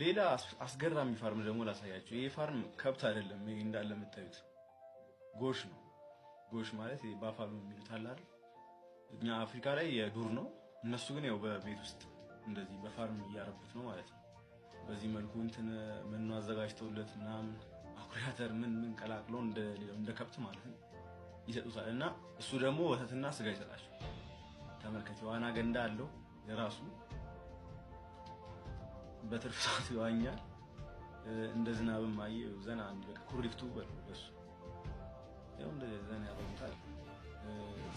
ሌላ አስገራሚ ፋርም ደግሞ ላሳያችሁ። ይሄ ፋርም ከብት አይደለም። ይሄ እንዳለ የምታዩት ጎሽ ነው። ጎሽ ማለት ይሄ ባፋሎ የሚሉት አለ አይደል? እኛ አፍሪካ ላይ የዱር ነው፣ እነሱ ግን ያው በቤት ውስጥ እንደዚህ በፋርም እያረቡት ነው ማለት ነው። በዚህ መልኩ እንትን ምን አዘጋጅተውለት ምናምን አኩሪ አተር ምን ምን ቀላቅለው እንደ ከብት ማለት ነው ይሰጡታል። እና እሱ ደግሞ ወተትና ስጋ ይሰጣቸው። ተመልከት፣ የዋና ገንዳ አለው የራሱ በትርፍ ሰዓት ይዋኛል። እንደ ዝናብም አየህ ዘና ኩሪፍቱ በሉ ያው እንደ ዘና ያደርጉታል።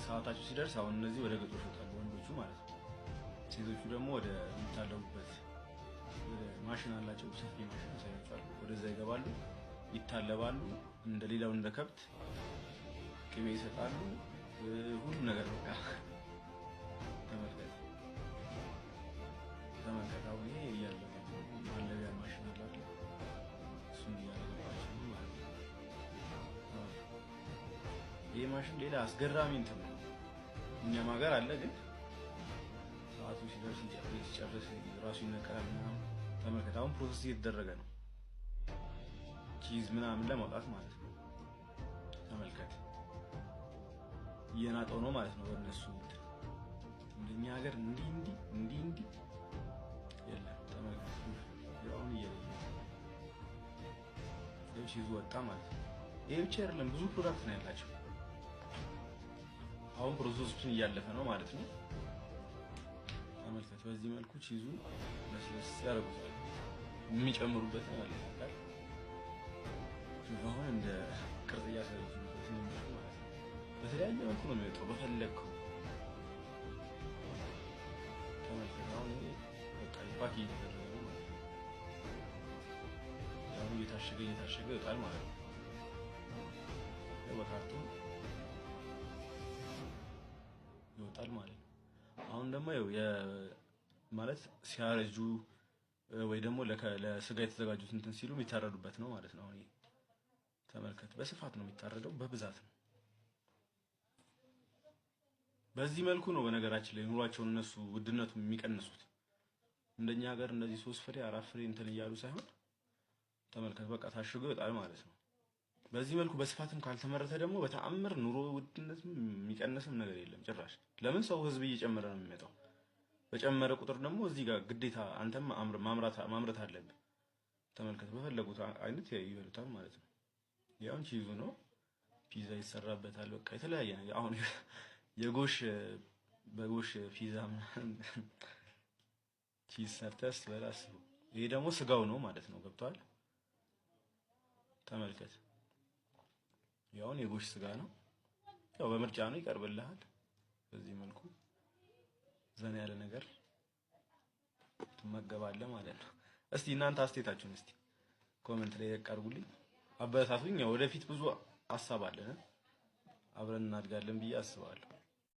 ሰዓታቸው ሲደርስ አሁን እነዚህ ወደ ገጦሽ ይወጣሉ፣ ወንዶቹ ማለት ነው። ሴቶቹ ደግሞ ወደ የሚታለቡበት ወደ ማሽን አላቸው፣ ሰፊ ማሽን ያሳያቸዋል። ወደዛ ይገባሉ፣ ይታለባሉ፣ እንደ ሌላው እንደ ከብት ቅቤ ይሰጣሉ። ሁሉ ነገር በቃ ተመልከት ይህ ማሽን ሌላ አስገራሚ እንትን ነው። እኛም ሀገር አለ፣ ግን ሰዓቱ ሲደርስ ሲጨርስ ራሱ ይነቀላል ምናምን። ተመልከት፣ አሁን ፕሮሰስ እየተደረገ ነው፣ ቺዝ ምናምን ለማውጣት ማለት ነው። ተመልከት፣ እየናጠው ነው ማለት ነው በእነሱ እኛ ሀገር እንዲህ እንዲህ እንዲህ እንዲህ የለም። ተመልከት፣ አሁን እየለየ ቺዙ ወጣ ማለት ነው። ይሄ ብቻ አይደለም፣ ብዙ ፕሮዳክት ነው ያላቸው። አሁን ፕሮሰሶችን እያለፈ ነው ማለት ነው። ተመልከት። በዚህ መልኩ ቺዙን ለስለስ ያደርጉታል። የሚጨምሩበት ማለት ነው። አሁን እንደ ቅርጽ እያሰሩት በተለያየ መልኩ ነው የሚወጣው። በፈለግከው ተመልከት። አሁን በቃ ፓክ እየተደረገ ነው። አሁን እየታሸገ እየታሸገ ይወጣል ማለት ነው በካርቶን ማለት ነው። አሁን ደግሞ ማለት ሲያረጁ ወይ ደግሞ ለስጋ የተዘጋጁት እንትን ሲሉ የሚታረዱበት ነው ማለት ነው። አሁን ተመልከት፣ በስፋት ነው የሚታረደው፣ በብዛት ነው። በዚህ መልኩ ነው በነገራችን ላይ ኑሯቸውን እነሱ ውድነቱን የሚቀንሱት። እንደኛ ሀገር እንደዚህ ሶስት ፍሬ አራት ፍሬ እንትን እያሉ ሳይሆን ተመልከት፣ በቃ ታሽገው ይወጣል ማለት ነው። በዚህ መልኩ በስፋትም ካልተመረተ ደግሞ በተአምር ኑሮ ውድነት የሚቀንስም ነገር የለም። ጭራሽ ለምን ሰው ህዝብ እየጨመረ ነው የሚመጣው። በጨመረ ቁጥር ደግሞ እዚህ ጋር ግዴታ አንተም ማምረት አለብህ። ተመልከት፣ በፈለጉት አይነት ይበሉታል ማለት ነው። ያውን ቺዙ ነው፣ ፒዛ ይሰራበታል። በቃ የተለያየ ነገር አሁን የጎሽ በጎሽ ፒዛ ቺዝ ሰርተስ በላስ። ይሄ ደግሞ ስጋው ነው ማለት ነው። ገብቷል? ተመልከት ያውን የጎሽ ስጋ ነው። ያው በምርጫ ነው ይቀርብልሃል። በዚህ መልኩ ዘና ያለ ነገር ትመገባለህ ማለት ነው። እስቲ እናንተ አስቴታችሁን እስቲ ኮሜንት ላይ ያቀርቡልኝ፣ አበረታቱኝ። ወደፊት ብዙ ሀሳብ አለን፣ አብረን እናድጋለን ብዬ አስባለሁ።